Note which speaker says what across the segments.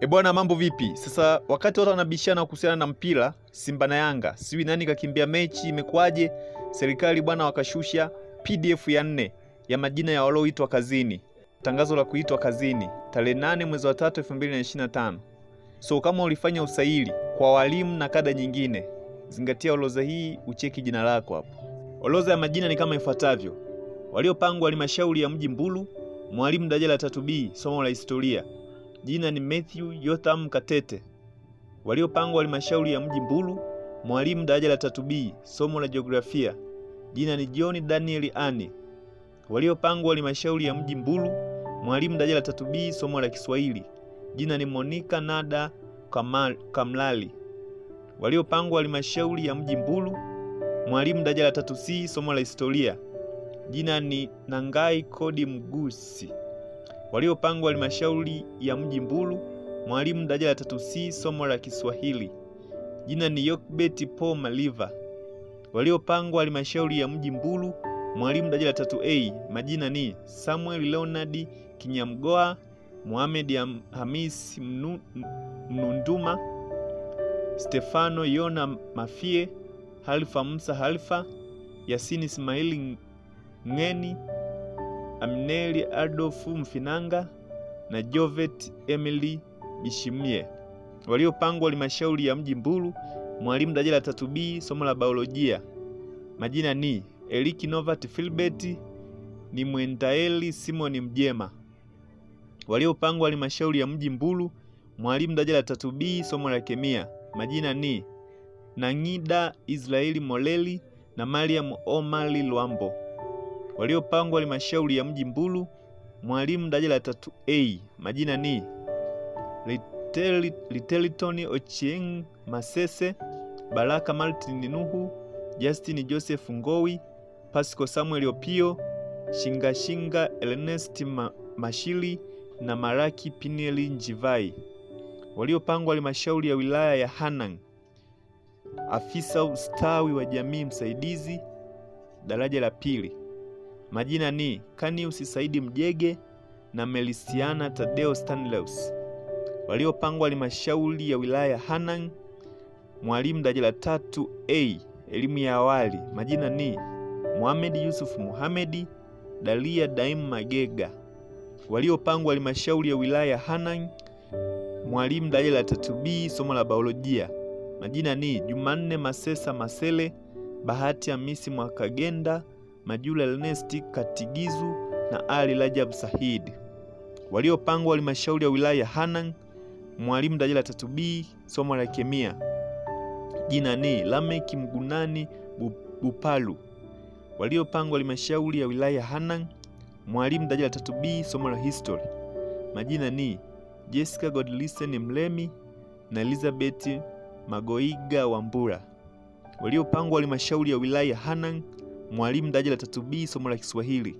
Speaker 1: E bwana, mambo vipi? Sasa wakati watu wanabishana kuhusiana na mpira Simba na Yanga, siwi nani kakimbia mechi, imekwaje? Serikali bwana, wakashusha PDF ya nne ya majina ya walioitwa kazini, tangazo la kuitwa kazini tarehe nane mwezi wa tatu elfu mbili na ishirini na tano. So kama ulifanya usaili kwa walimu na kada nyingine, zingatia orodha hii, ucheki jina lako hapo. Orodha ya majina ni kama ifuatavyo: waliopangwa halmashauri ya mji Mbulu, mwalimu daraja la 3B somo la historia Jina ni Matthew Yotham Katete. Waliopangwa halmashauri ya mji Mbulu, mwalimu daraja la tatu B, somo la jiografia. Jina ni John Daniel ani Waliopangwa halmashauri ya mji Mbulu, mwalimu daraja la tatu B, somo la Kiswahili. Jina ni Monica Nada Kamal, Kamlali. Waliopangwa halmashauri ya mji Mbulu, mwalimu daraja la tatu C, somo la historia. Jina ni Nangai Kodi Mgusi waliopangwa halmashauri ya mji Mbulu, mwalimu daraja la tatu C somo la Kiswahili, jina ni Yokbeti Paul Maliva. Waliopangwa halmashauri ya mji Mbulu, mwalimu daraja la tatu A, majina ni Samuel Leonard Kinyamgoa, Mohamed Hamis Mnu, Mnunduma, Stefano Yona Mafie, Halifa Musa Halifa, Yasini Ismaili Ngeni Amneli Adolfu Mfinanga na Jovet Emily Bishimie waliopangwa halmashauri ya mji Mbulu. Mwalimu daraja la tatu B somo la biolojia. Majina ni Eliki Novat Filbert ni mwendaeli Simoni Mjema waliopangwa halmashauri ya mji Mbulu. Mwalimu daraja la tatu B somo la kemia. Majina ni Nangida Israeli Moleli na Mariam Omali Lwambo waliopangwa halmashauri ya mji Mbulu, mwalimu daraja la tatu A. Majina ni Liteliton Ochieng Masese, Baraka Martin Nuhu, Justin Joseph Ngowi, Pasco Samuel Opio, Shingashinga Ernest Mashili na Maraki Pineli Njivai, waliopangwa halmashauri ya wilaya ya Hanang. Afisa ustawi wa jamii msaidizi daraja la pili. Majina ni Canius Saidi Mjege na Melisiana Tadeo Stanleus, waliopangwa halmashauri ya wilaya ya Hanang'. Mwalimu daraja la tatu A, elimu ya awali, majina ni Muhamedi Yusuf Muhamedi, Dalia Daim Magega, waliopangwa halmashauri ya wilaya Hanang'. Mwalimu daraja la tatu B, somo la biolojia, majina ni Jumanne Masesa Masele, Bahati Hamisi Mwakagenda Majula Ernest Katigizu na Ali Rajab Said. Waliopangwa halmashauri ya wilaya ya Hanang, mwalimu daraja la tatu B, somo la kemia. Jina ni Lameki Mgunani Bupalu. Waliopangwa halmashauri ya wilaya ya Hanang, mwalimu daraja la tatu B, somo la history. Majina ni Jessica Godlisten Mlemi na Elizabeth Magoiga Wambura. Waliopangwa halmashauri ya wilaya ya Hanang mwalimu daraja la tatu B somo la Kiswahili.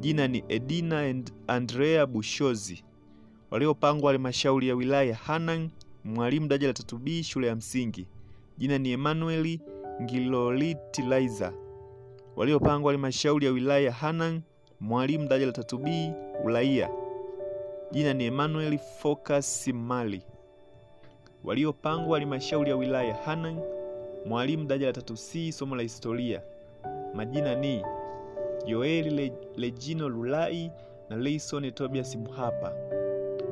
Speaker 1: Jina ni Edina and Andrea Bushozi, waliopangwa halmashauri ya wilaya Hanang. Mwalimu daraja la tatu B shule ya msingi. Jina ni Emmanuel Ngiloliti waliopangwa halmashauri ya wilaya Hanang. Mwalimu daraja la tatu B Jina ni Emmanuel Focus Mali, waliopangwa halmashauri ya wilaya Hanang. Mwalimu daraja la tatu C somo la historia. Majina ni Joeli legino Lulai na Leison Tobias Buhapa,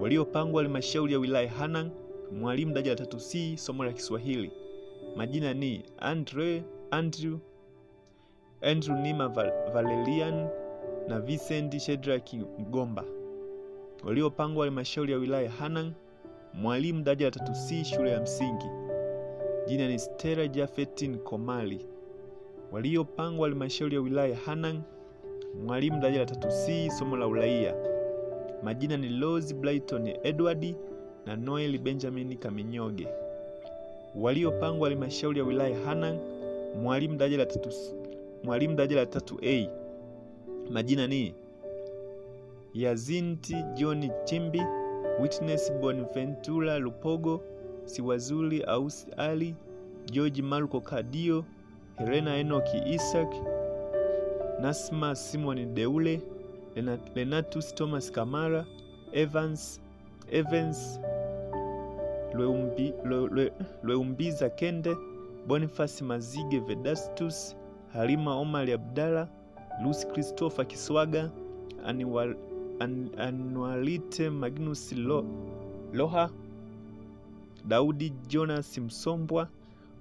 Speaker 1: waliopangwa halmashauri ya wilaya Hanang, mwalimu daraja la tatu C, somo la Kiswahili. Majina ni Andre, Andrew, Andrew Nima Valerian na Vincent Shedrack Mgomba, waliopangwa halmashauri ya wilaya Hanang, mwalimu daraja la tatu C, shule ya msingi. Jina ni Stella Jafetin Komali waliopangwa halmashauri ya wilaya Hanang, mwalimu daraja la 3 C somo la uraia. Majina ni Rose Brighton Edward na Noel Benjamin Kaminyoge. Waliopangwa halmashauri ya wilaya Hanang, mwalimu daraja la tatu mwalimu daraja la 3 A. Majina ni Yazinti John Chimbi, Witness Bonventura Lupogo, Siwazuli Ausi Ali, George Marco Kadio Helena Enoki Isaac, Nasma Simon Deule, Lenatus Thomas Kamara, Evans, Evans Lweumbi, Lwe, Lwe, Lweumbiza Kende, Boniface Mazige Vedastus, Halima Omari Abdalla, Lucy Christopher Kiswaga, Aniwal, An, Anualite Magnus Lo, Loha, Daudi Jonas Msombwa,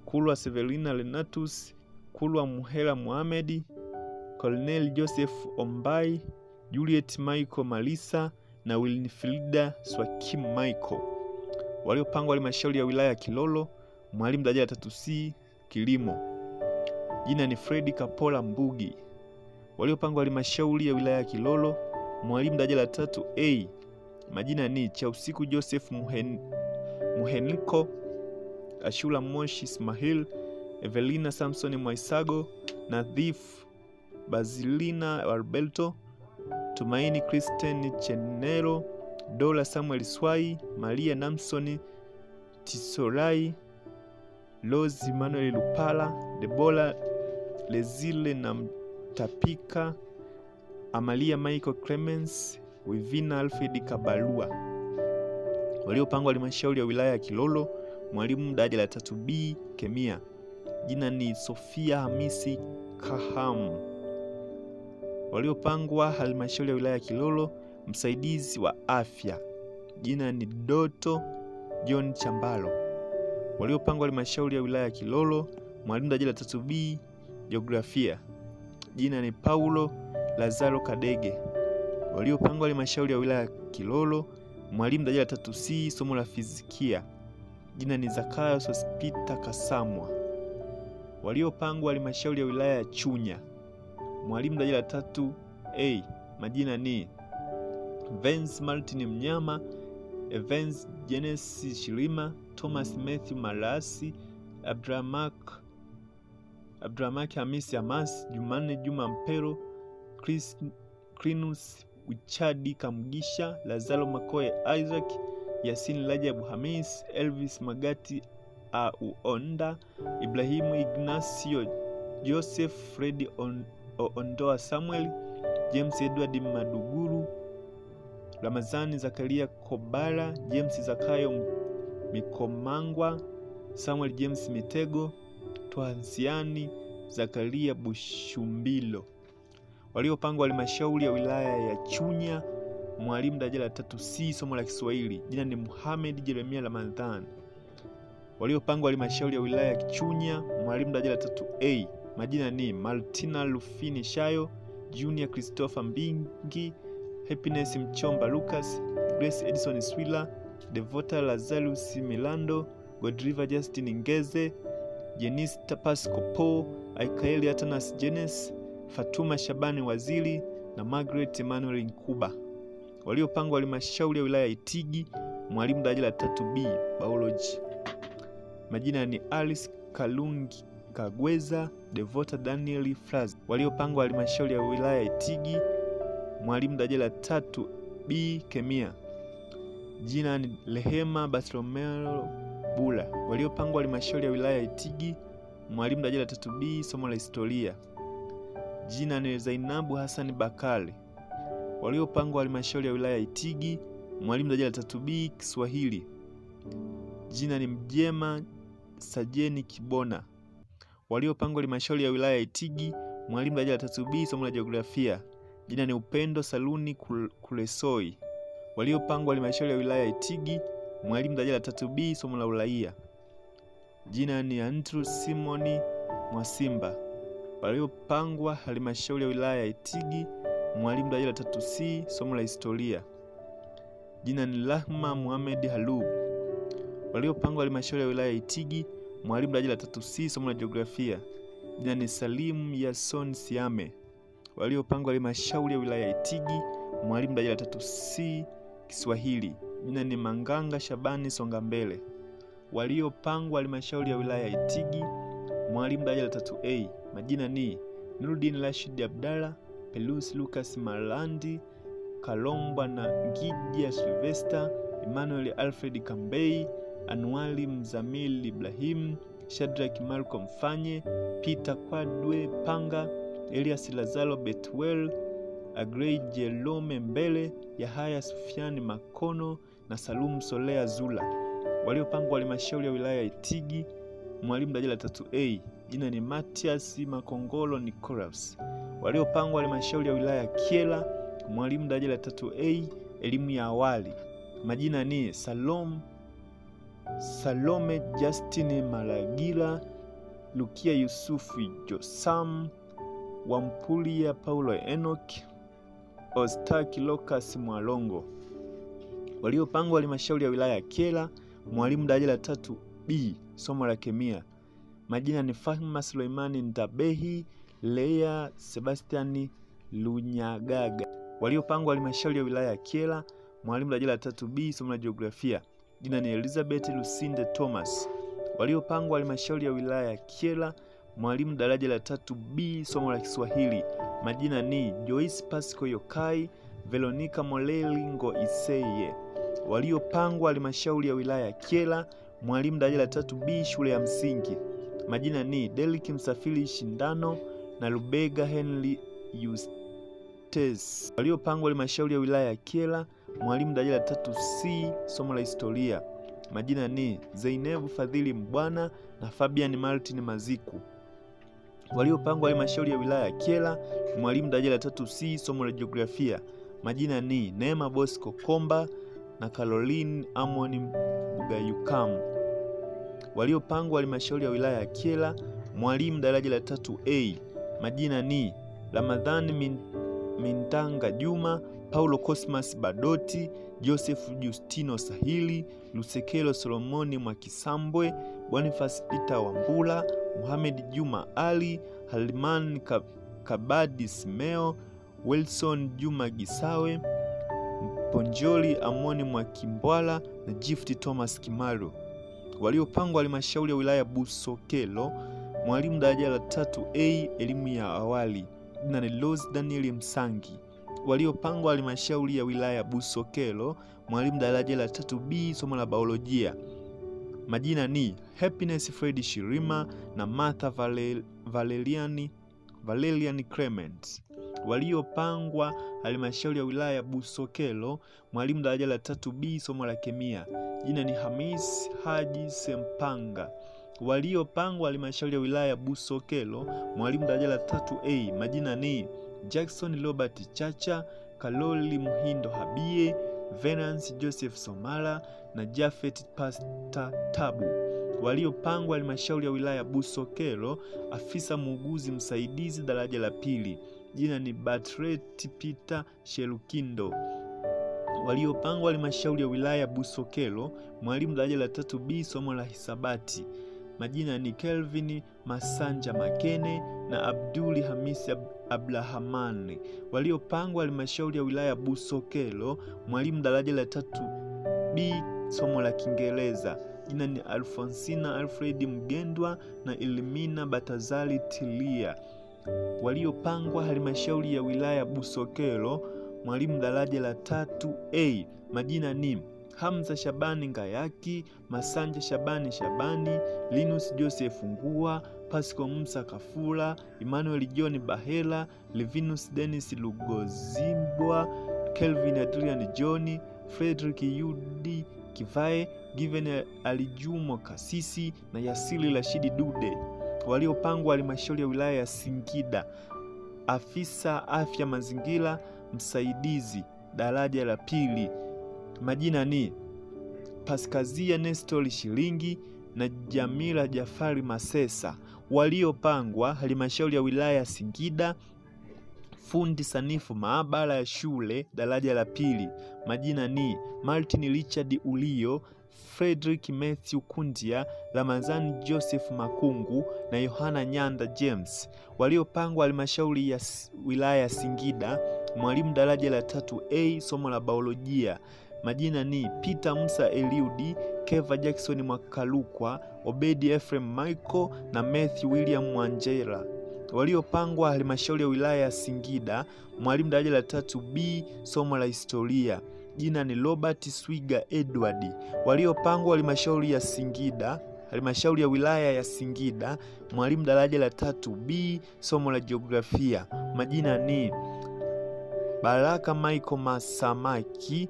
Speaker 1: Kulwa Severina Lenatus Kulwa Muhela muhamedi Colonel Joseph Ombai, Juliet Michael Malisa na Wilfrida Swakim Michael, waliopangwa halmashauri ya wilaya ya Kilolo, mwalimu daraja la 3 C kilimo. Jina ni Fredi Kapola Mbugi, waliopangwa halmashauri ya wilaya ya Kilolo, mwalimu daraja la 3 A. Majina ni Chausiku Joseph Muhen, Muheniko ashula Moshi Ismail Evelina Samson Mwaisago, Nadhifu Basilina Arbelto, Tumaini Kristen Chenero, Dola Samuel Swai, Maria Namsoni tisorai Lozi Manuel Lupala, debola Lezile na Mtapika, Amalia Michael Clemens, Wivina Alfred Kabalua. Waliopangwa halmashauri ya wilaya ya Kilolo, mwalimu daraja la 3B kemia jina ni Sofia Hamisi Kahamu, waliopangwa halmashauri ya wilaya ya Kilolo, msaidizi wa afya jina ni Doto John Chambalo, waliopangwa halmashauri ya wilaya ya Kilolo, mwalimu daraja la tatu B jiografia jina ni Paulo Lazaro Kadege, waliopangwa halmashauri ya wilaya ya Kilolo, mwalimu daraja la tatu C somo la fizikia jina ni Zakayo Sospita Kasamwa waliopangwa halmashauri ya wilaya ya Chunya. Mwalimu daraja la tatu A, majina ni vens Martin Mnyama, Evans Jenes Shilima, Thomas Matthew Malasi, Abdramak Abdramak Hamisi Amas, Jumanne Juma Mpero, Chris Crinus Uchadi Kamgisha, Lazaro Makoe Isaac, yasin Rajabu Hamis, Elvis Magati uonda Ibrahimu Ignacio, Joseph Fredi ondoa Samuel James, Edward Maduguru, Ramazani Zakaria Kobala, James Zakayo Mikomangwa, Samuel James Mitego, Twansiani Zakaria Bushumbilo. Waliopangwa halmashauri ya wilaya ya Chunya, mwalimu daraja la tatu C somo la Kiswahili. Jina ni Muhamed Jeremia Ramadhani waliopangwa halmashauri ya wilaya ya Chunya, mwalimu daraja la 3 A. Majina ni Martina Rufini Shayo, Junior Christopher Mbingi, Happiness Mchomba Lucas, Grace Edison Swila, Devota Lazarus Milando, Godriva Justin Ngeze, Jenis Tapasco Po, Aikaeli Atanas Jenes, Fatuma Shabani Waziri na Margaret Emmanuel Nkuba. Waliopangwa halmashauri ya wilaya ya Itigi, mwalimu daraja la 3 B, biology majina ni Alice Kalungi Kagweza, Devota Daniel Fraz, waliopangwa halmashauri ya wilaya Itigi, mwalimu dajela tatu B kemia. Jina ni lehema Bartolomeo Bula, waliopangwa halmashauri ya wilaya Itigi, mwalimu dajela tatu B somo la historia. Jina ni Zainabu Hassan Bakali, waliopangwa halmashauri ya wilaya Itigi, mwalimu dajela tatu B Kiswahili. Jina ni Mjema Sajeni Kibona waliopangwa halmashauri ya wilaya ya Itigi. Mwalimu daraja la tatu B, somo la jiografia, jina ni Upendo Saluni Kulesoi waliopangwa halmashauri ya wilaya ya Itigi. Mwalimu daraja la tatu B, somo la uraia, jina ni Andrew Simoni Mwasimba waliopangwa halmashauri ya wilaya ya Itigi. Mwalimu daraja la tatu C, somo la historia, jina ni Rahma muhamedi Halubu waliopangwa halmashauri ya wilaya ya Itigi. Mwalimu daraja la tatu C somo la jiografia, jina ni Salim Yason Siame. Waliopangwa halmashauri ya wilaya ya Itigi. Mwalimu daraja la tatu C Kiswahili, jina ni Manganga Shabani Songa Mbele. Waliopangwa halmashauri ya wilaya ya Itigi. Mwalimu daraja la tatu A majina ni Nurudin Rashid Abdalla, Pelus Lucas Malandi, Kalomba na Ngija Silvesta, Emmanuel Alfred Kambei. Anwali Mzamili Ibrahim, Shadraki Malcolm fanye Peter Kwadwe Panga, Elias Lazaro Betwell, Agrey Jerome Mbele, Yahaya Sufiani Makono na salum Solea Zula. Waliopangwa halmashauri ya wilaya ya Itigi, mwalimu daraja la A, jina ni Matias Makongolo Nicolas. Waliopangwa halmashauri ya wilaya ya kiela mwalimu daraja la A, elimu ya awali, majina ni Salom Salome Justine Malagila, Lukia Yusufu josam Wampulia Paulo Enoch, Ostaki lokas Mwalongo. Waliopangwa halmashauri ya wilaya ya Kyela, mwalimu daraja la tatu B, somo la kemia. Majina ni Fahma Suleimani Ndabehi, Lea Sebastiani Lunyagaga. Waliopangwa halmashauri ya wilaya ya Kyela, mwalimu daraja la tatu B, somo la jiografia jina ni Elizabeth Lusinde Thomas, waliopangwa halmashauri ya wilaya ya Kyela, mwalimu daraja la tatu B somo la Kiswahili. Majina ni Joyce Pasco Yokai, Veronica Moleli Iseye, waliopangwa halmashauri ya wilaya ya Kyela, mwalimu daraja la tatu B shule ya msingi. Majina ni Deliki Msafiri Shindano na Lubega Henry Eustace, waliopangwa halmashauri ya wilaya ya Kyela Mwalimu daraja la tatu C, somo la historia. Majina ni Zainab Fadhili Mbwana na Fabian Martin Maziku. Waliopangwa halmashauri ya wilaya ya Kyela. Mwalimu daraja la tatu C, somo la jiografia. Majina ni Neema Bosco Komba na Caroline Amon Bugayukam. Waliopangwa halmashauri ya wilaya ya Kyela. Mwalimu daraja la tatu A, majina ni Ramadhani Mintanga Juma Paulo Cosmas Badoti, Joseph Justino Sahili, Lusekelo Solomoni Mwakisambwe, Boniface Peter Wambula, Mohamed Juma Ali, Halman Kabadi Simeo, Wilson Juma Gisawe, Ponjoli Amoni Mwakimbwala na Gift Thomas Kimaro waliopangwa halmashauri ya wilaya Busokelo, mwalimu daraja la tatu A elimu ya awali, na Rose Daniel Msangi waliopangwa halmashauri ya wilaya ya Busokelo, mwalimu daraja la tatu B somo la biolojia. Majina ni Happiness Fred Shirima na Martha Valel, Valeliani, Clement. Waliopangwa halmashauri ya wilaya ya Busokelo, mwalimu daraja la tatu B somo la kemia. Jina ni Hamis Haji Sempanga waliopangwa halmashauri ya wilaya ya Busokelo mwalimu daraja la tatu A. Majina ni Jackson Robert Chacha, Kaloli Muhindo Habie, Venance Joseph Somala na Jafet Pasta Tabu waliopangwa halmashauri ya wilaya Busokelo, afisa muuguzi msaidizi daraja la pili, jina ni Batret Peter Shelukindo. Waliopangwa halmashauri ya wilaya Busokelo, mwalimu daraja la tatu B, somo la hisabati, majina ni Kelvin Masanja Makene na Abduli Hamisi Abdulrahman waliopangwa halmashauri ya wilaya Busokelo. Mwalimu daraja la tatu B somo la Kiingereza. Jina ni Alfonsina Alfred Mgendwa na Elimina Batazali Tilia waliopangwa halmashauri ya wilaya Busokelo. Mwalimu daraja la tatu A majina ni Hamza Shabani Ngayaki, Masanja Shabani Shabani, Linus Joseph Ngua, Pasco Musa Kafula, Emmanuel John Bahela, Levinus Dennis Lugozimbwa, Kelvin Adrian John, Frederick Yudi Kivae, Given Alijumo Kasisi na Yasili Rashidi Dude waliopangwa halmashauri ya wilaya ya Singida. Afisa afya mazingira msaidizi daraja la pili. Majina ni Paskazia Nestori Shilingi na Jamila Jafari Masesa, waliopangwa halmashauri ya wilaya ya Singida. Fundi sanifu maabara ya shule daraja la pili, majina ni Martin Richard Ulio, Frederick Matthew Kundia, Ramazani Joseph Makungu na Yohana Nyanda James, waliopangwa halmashauri ya wilaya ya Singida. Mwalimu daraja la tatu A, somo la biolojia. Majina ni Peter Musa Eliudi, Keva Jackson Mwakalukwa, Obedi Ephraim Michael na Matthew William Mwanjela waliopangwa halmashauri ya wilaya ya Singida, mwalimu daraja la tatu B, somo la historia. Jina ni Robert Swiga Edward, waliopangwa halmashauri ya Singida, halmashauri ya wilaya ya Singida, mwalimu daraja la tatu B, somo la jiografia. Majina ni Baraka Michael Masamaki,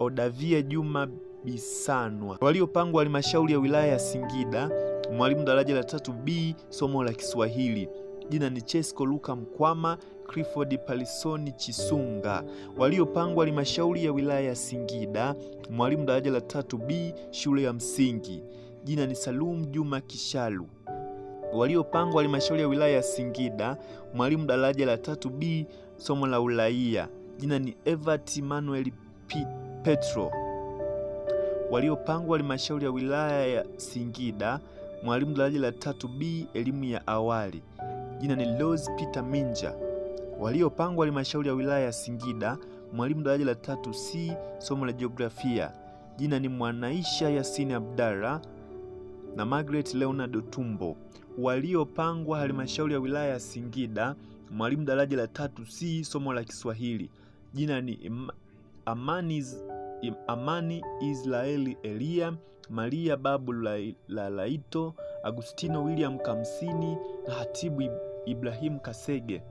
Speaker 1: Odavia Juma Bisanwa waliopangwa halmashauri ya wilaya ya Singida, mwalimu daraja la tatu B somo la Kiswahili. Jina ni Chesco Luka Mkwama Clifford Palisoni Chisunga waliopangwa halmashauri ya wilaya ya Singida, mwalimu daraja la tatu B shule ya msingi. Jina ni Salum Juma Kishalu waliopangwa halmashauri ya wilaya ya Singida, mwalimu daraja la tatu B somo la uraia. Jina ni Evert Manuel Petro waliopangwa halmashauri ya wilaya ya Singida, mwalimu daraja la tatu B elimu ya awali, jina ni Rose Peter Minja. Waliopangwa halmashauri ya wilaya ya Singida, mwalimu daraja la tatu C somo la jiografia, jina ni Mwanaisha Yasini abdara na Margaret Leonard Tumbo. Waliopangwa halmashauri ya wilaya ya Singida, mwalimu daraja la tatu C somo la Kiswahili, jina ni amani, amani Israeli elia Maria babu la, la Laito Agustino William Kamsini na hatibu Ibrahimu Kasege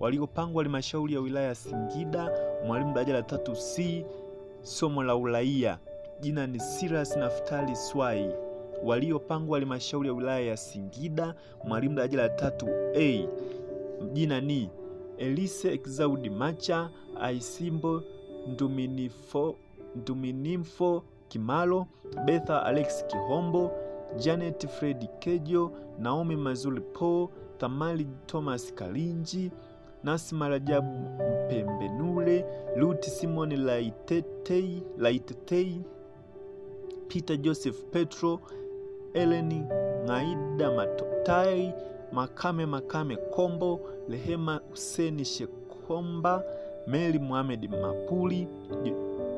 Speaker 1: waliopangwa halmashauri ya wilaya ya Singida, mwalimu daraja la tatu C, somo la uraia, jina ni Silas Naftali Swai. Waliopangwa halmashauri ya wilaya ya Singida, mwalimu daraja la tatu A, jina ni Elise Exaudi Macha Aisimbo Nduminimfo Kimalo, Betha Alex Kihombo, Janet Fredi Kejo, Naomi Mazuri Po, Thamali Thomas Kalinji, Nasima Rajabu Mpembenule, Ruth Simon Laitetei, Laitetei, Peter Joseph Petro, Eleni Ngaida Matotai, Makame Makame Kombo, Rehema Huseni Shekomba Meli Mohamed Mapuli,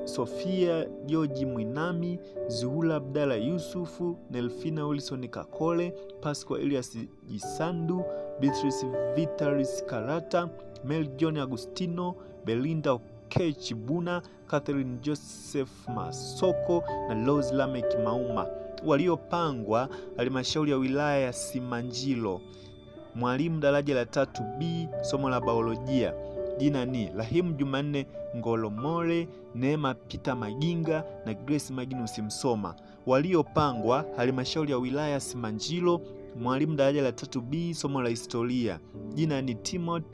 Speaker 1: Sofia George Mwinami, Zuhura Abdalla Yusufu, Nelfina Wilson Kakole, Pasco Elias Jisandu, Beatrice vitaris Karata, Mel John Agustino, Belinda Okech Buna, Catherine Joseph Masoko na Rose Lamek Mauma. Waliopangwa halmashauri ya wilaya ya Simanjiro. Mwalimu daraja la tatu B, somo la biolojia. Jina ni Rahimu Jumanne Ngolomole, Neema Peter Maginga na Grace Magnus Msoma. Waliopangwa halmashauri ya wilaya Simanjiro, mwalimu daraja la tatu B, somo la historia. Jina ni Timothy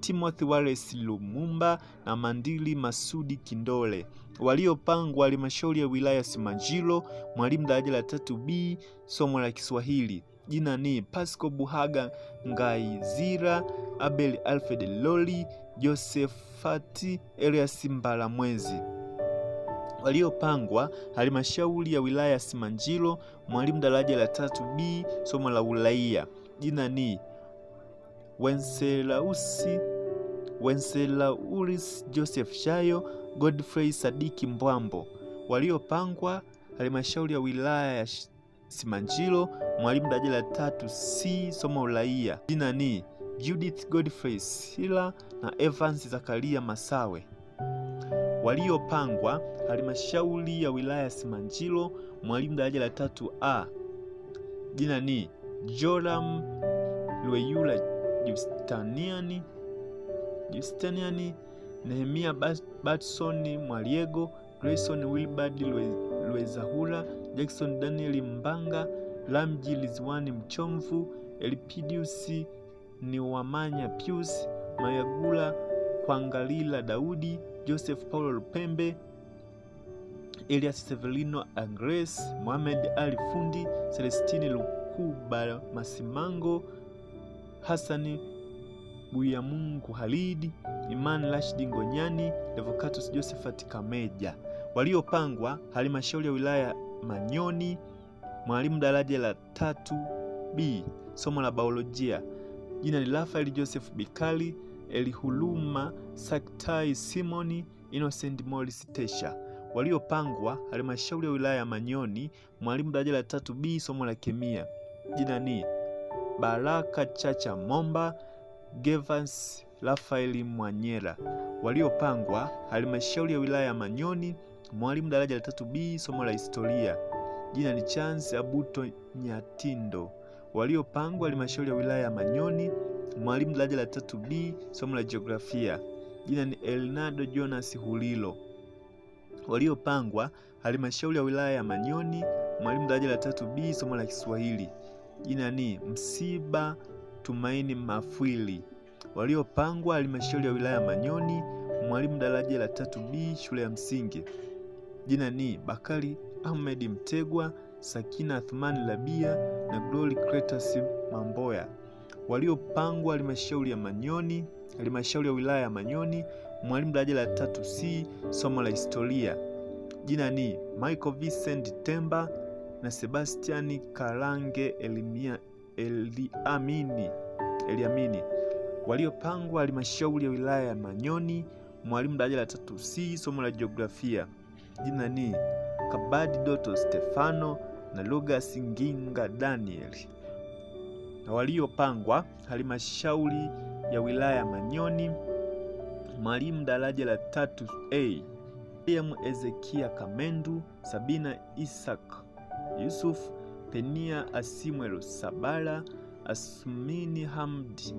Speaker 1: Timothy Wallace Lumumba na Mandili Masudi Kindole. Waliopangwa halmashauri ya wilaya Simanjiro, mwalimu daraja la tatu B, somo la Kiswahili. Jina ni Pasco Buhaga Ngaizira, Abel Alfred Loli, Josefati Elias Mbalamwezi. Waliopangwa halmashauri ya wilaya ya Simanjiro, mwalimu daraja la tatu B, somo la uraia. Jina ni Wenselausi Wenselauris Joseph Shayo Godfrey Sadiki Mbwambo. Waliopangwa halmashauri ya wilaya ya Simanjiro, mwalimu daraja la tatu C, somo uraia. Jina ni Judith Godfrey Sila na Evans Zakaria Masawe. Waliopangwa: halmashauri ya wilaya ya Simanjiro, mwalimu daraja la tatu A. Jina ni Joram Lweyula Justiniani Justiniani Nehemia Batsoni Mwaliego, Grayson Wilbard Lwezahura, Jackson Daniel Mbanga, Lamji Lizwani Mchomvu, Elpidius ni Wamanya Pius Mayagula, Kwangalila Daudi, Joseph Paulo Lupembe, Elias Severino Angres, Mohamed Ali Fundi, Celestini Lukuba Masimango, hasani Buyamungu Halidi, Iman Rashidi Ngonyani, levocatus Josephat Kameja. Waliopangwa halmashauri ya wilaya Manyoni, mwalimu daraja la tatu B, somo la biolojia. Jina ni Rafael Joseph Bikali, Elihuluma Saktai, Simoni Innocent Morris Tesha. Waliopangwa halmashauri ya wilaya ya Manyoni, mwalimu daraja la tatu B, somo la kemia. Jina ni Baraka Chacha Momba, Gevans Rafael Mwanyera. Waliopangwa halmashauri ya wilaya ya Manyoni, mwalimu daraja la tatu B, somo la historia. Jina ni Chance Abuto Nyatindo waliopangwa halmashauri ya wilaya ya Manyoni. Mwalimu daraja la tatu B, somo la jiografia, jina ni Elnado Jonas Hulilo. Waliopangwa halmashauri ya wilaya ya Manyoni. Mwalimu daraja la tatu B, somo la Kiswahili, jina ni Msiba Tumaini Mafwili. Waliopangwa halmashauri ya wilaya ya Manyoni. Mwalimu daraja la tatu B, shule ya msingi, jina ni Bakari Ahmed Mtegwa. Sakina Athman Labia na Glory Cletus Mamboya waliopangwa halmashauri ya Manyoni, halmashauri ya wilaya ya Manyoni, mwalimu daraja la tatu C, somo la historia. Jina ni Michael Vincent Temba na Sebastiani Karange Elimia, Eliamini, Eliamini waliopangwa halmashauri ya wilaya ya Manyoni, mwalimu daraja la tatu C, somo la jiografia. Jina ni Kabadi Doto Stefano na Lugas Nginga Daniel na waliopangwa halmashauri ya wilaya Manyoni, mwalimu daraja la tatu A William Ezekia Kamendu, Sabina Isak Yusuf, Penia Asimwelo Sabala, Asmini Hamdi,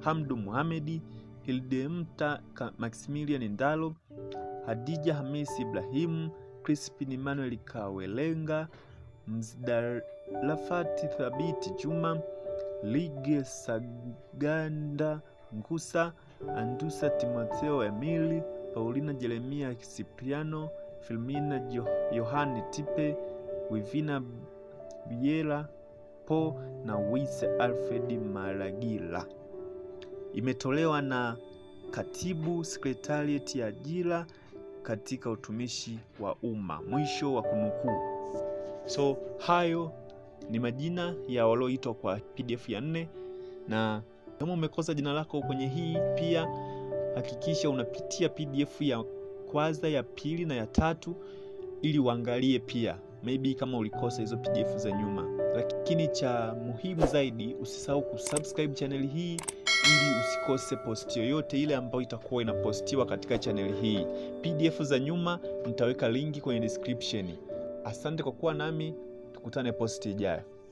Speaker 1: Hamdu Muhamedi, Hildemta Maximilian Ndalo, Hadija Hamisi Ibrahimu Crispin emmanuel Kawelenga, Mzdarafati Thabiti Juma, Lige Saganda Ngusa, Andusa Timotheo Emili, Paulina Jeremia sipriano Filmina Yohani Tipe, Wivina Biela Po na Wise Alfred Maragila. Imetolewa na Katibu Sekretarieti ya Ajira katika utumishi wa umma. Mwisho wa kunukuu. So hayo ni majina ya walioitwa kwa PDF ya nne, na kama umekosa jina lako kwenye hii pia hakikisha unapitia PDF ya kwanza, ya pili na ya tatu ili uangalie pia maybe kama ulikosa hizo PDF za nyuma. Lakini cha muhimu zaidi, usisahau kusubscribe channel hii ili usikose posti yoyote ile ambayo itakuwa inapostiwa katika chaneli hii. PDF za nyuma nitaweka linki kwenye description. Asante kwa kuwa nami, tukutane posti ijayo.